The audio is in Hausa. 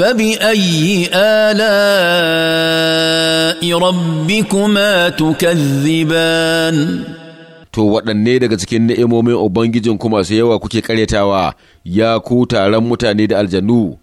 فبأي آلاء ربكما تكذبان to waɗanne daga cikin ni'imomin ubangijin kuma su yawa kuke karyatawa ya ku taron mutane da aljanu